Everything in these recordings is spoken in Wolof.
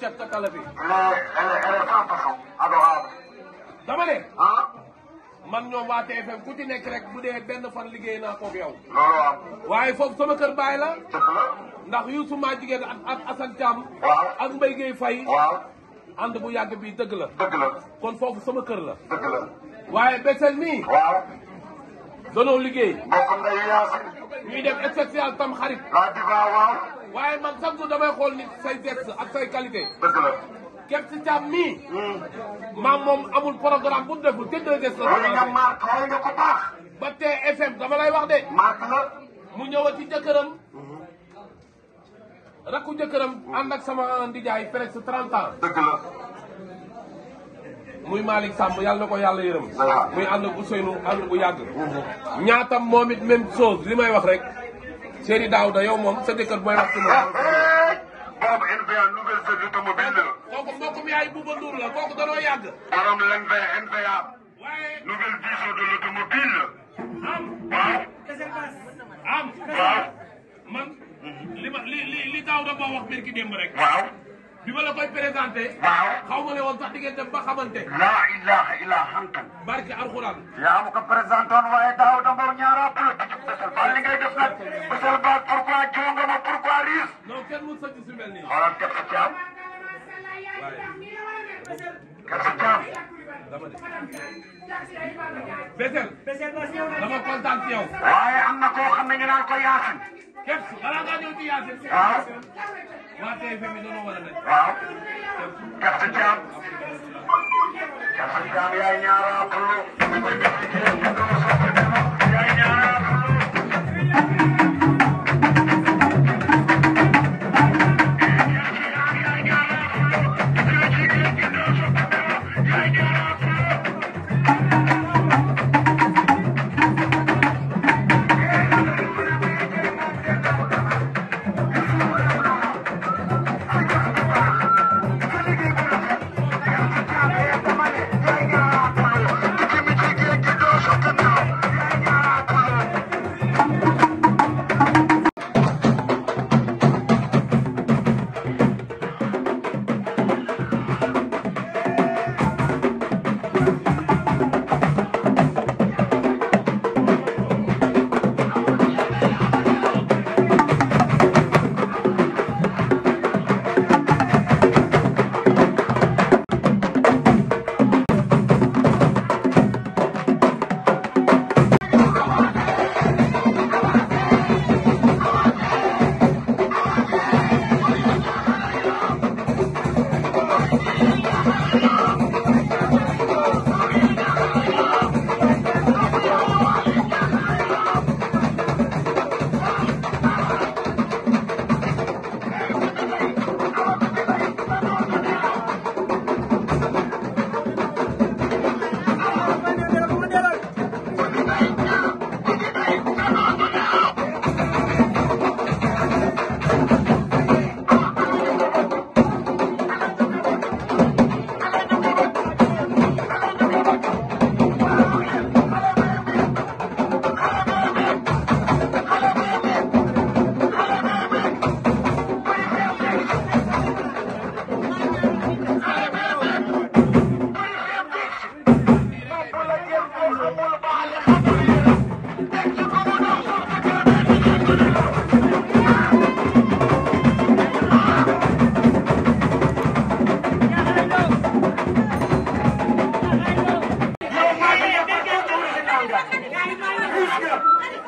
ca kala bi. elle est dama ne. man ñoom waa TFM ku ci nekk rek bu dee benn fan liggéey naa koog yow. loolu am. waaye foofu sama kër baay la. ndax Youssou maa jigéen ak ak Assane ak Mbaye Gueye Faye. bu yàgg bi dëgg la. dëgg la kon foofu sama kër la. dëgg la. waaye Bessél mii. waaw. danoo liggéey. ñuy def spécial tam xarit. waaye man chaque jour damay xool nit say geste ak say qualité. dëgg la. Kebs Thiam mii. Hmm. maam moom amul programme bu mu deful te deux des la. nga marqué nga ko baax. ba TFM dama lay wax de. mu la. a ñëwati jëkkëram. Hmm. rakku jëkkëram. ànd ak sama ndijaay presque trente ans. dëgg la. muy Malick Samb yàlla na ko yàlla yërëm. muy ànd bu Seynou ànd bu yàgg. Hmm. ñaatam moom it même chose li may wax rek. Sëriñ Daouda yow moom sa dëkkal booy wax ci moom. boobu NVA nouvelle jeune automobile la. kooku mbokkum yaay Bouba Ndour la kooku danoo yàgg. borom l' NVA NVA. nouvelle vision de l' automobile la. waaw. am waaw. man li ma li li li Daouda boo wax mbir ki démb rek. waaw. bi ma la koy présenté. waaw xaw ma ne woon sax di ngeen dem ba xamante. la ilaha illa anta. barke alxuraan. yaa ma ko présenté woon waaye Daouda Mbow ñaara. li ngay def nag. Marcel Ba pourquoi jongama pourquoi riis. non kenn mu sëcc si mel nii. xoolal waaye am na koo xam ne ko Yaasin. képp balaa ngaa ñëw ci Yaasin. waaw. waa TFM bi doon wala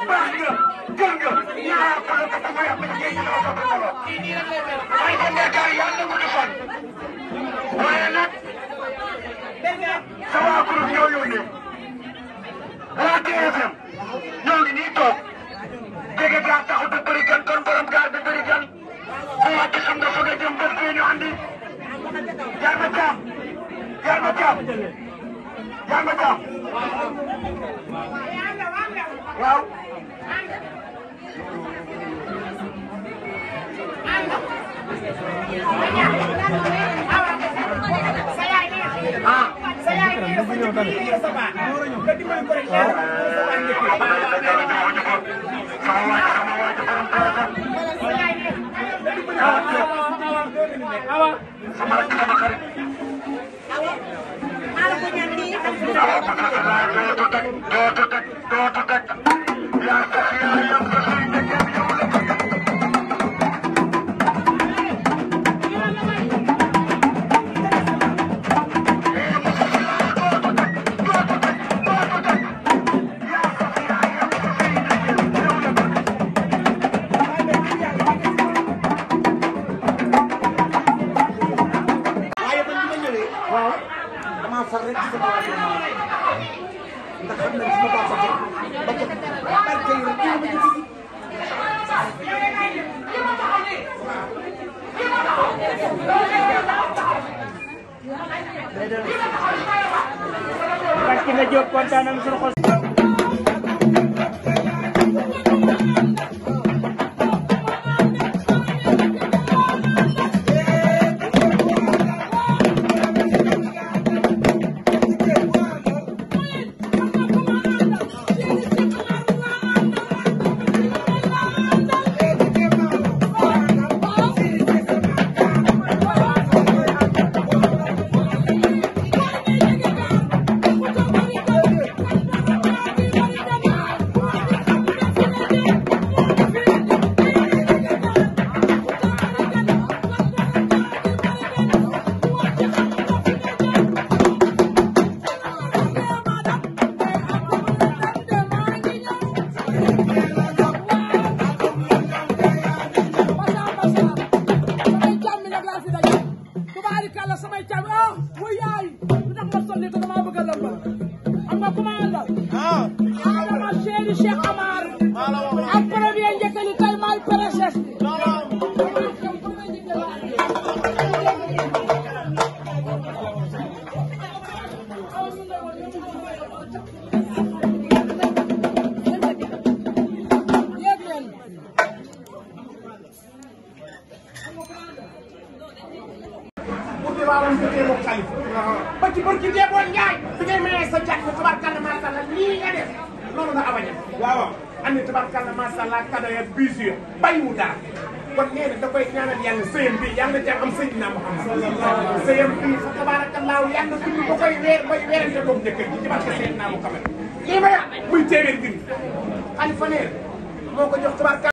baax nga gën nga ñaar ko la ko may am ci ñu ko ko solo ay ko nekkar yàlla ko defal waaye nag sa waa groupe ñoo yónnee waa TFM ñoo ngi nii toog jege gaa taxut a bëri gan kon borom gaa bi bëri gan bu wàcc xam nga fa nga jëm bés bee ñu andi yaa ma caam yaa ma caam yaa ma caam waaw dootu teg dootu teg dootu teg yaa sax yaa yam sax Bakki na Jóob kontaan am sunu xol abaña loolu na abaña waaw ani tabarkalla macha allah kadda ya biis ya bàyyiwu dara kon nee na da koy ñaanal yàlla sëyam bi yàlla na am Seydina Muhammad sëyam bi fa tabaarakallaahu yàlla suñu ba koy weer bay weerante boobu njëkkër ji ci barke Seydina Muhammad lii may muy téeméer bi xalifa nee moo ko jox tabarkalla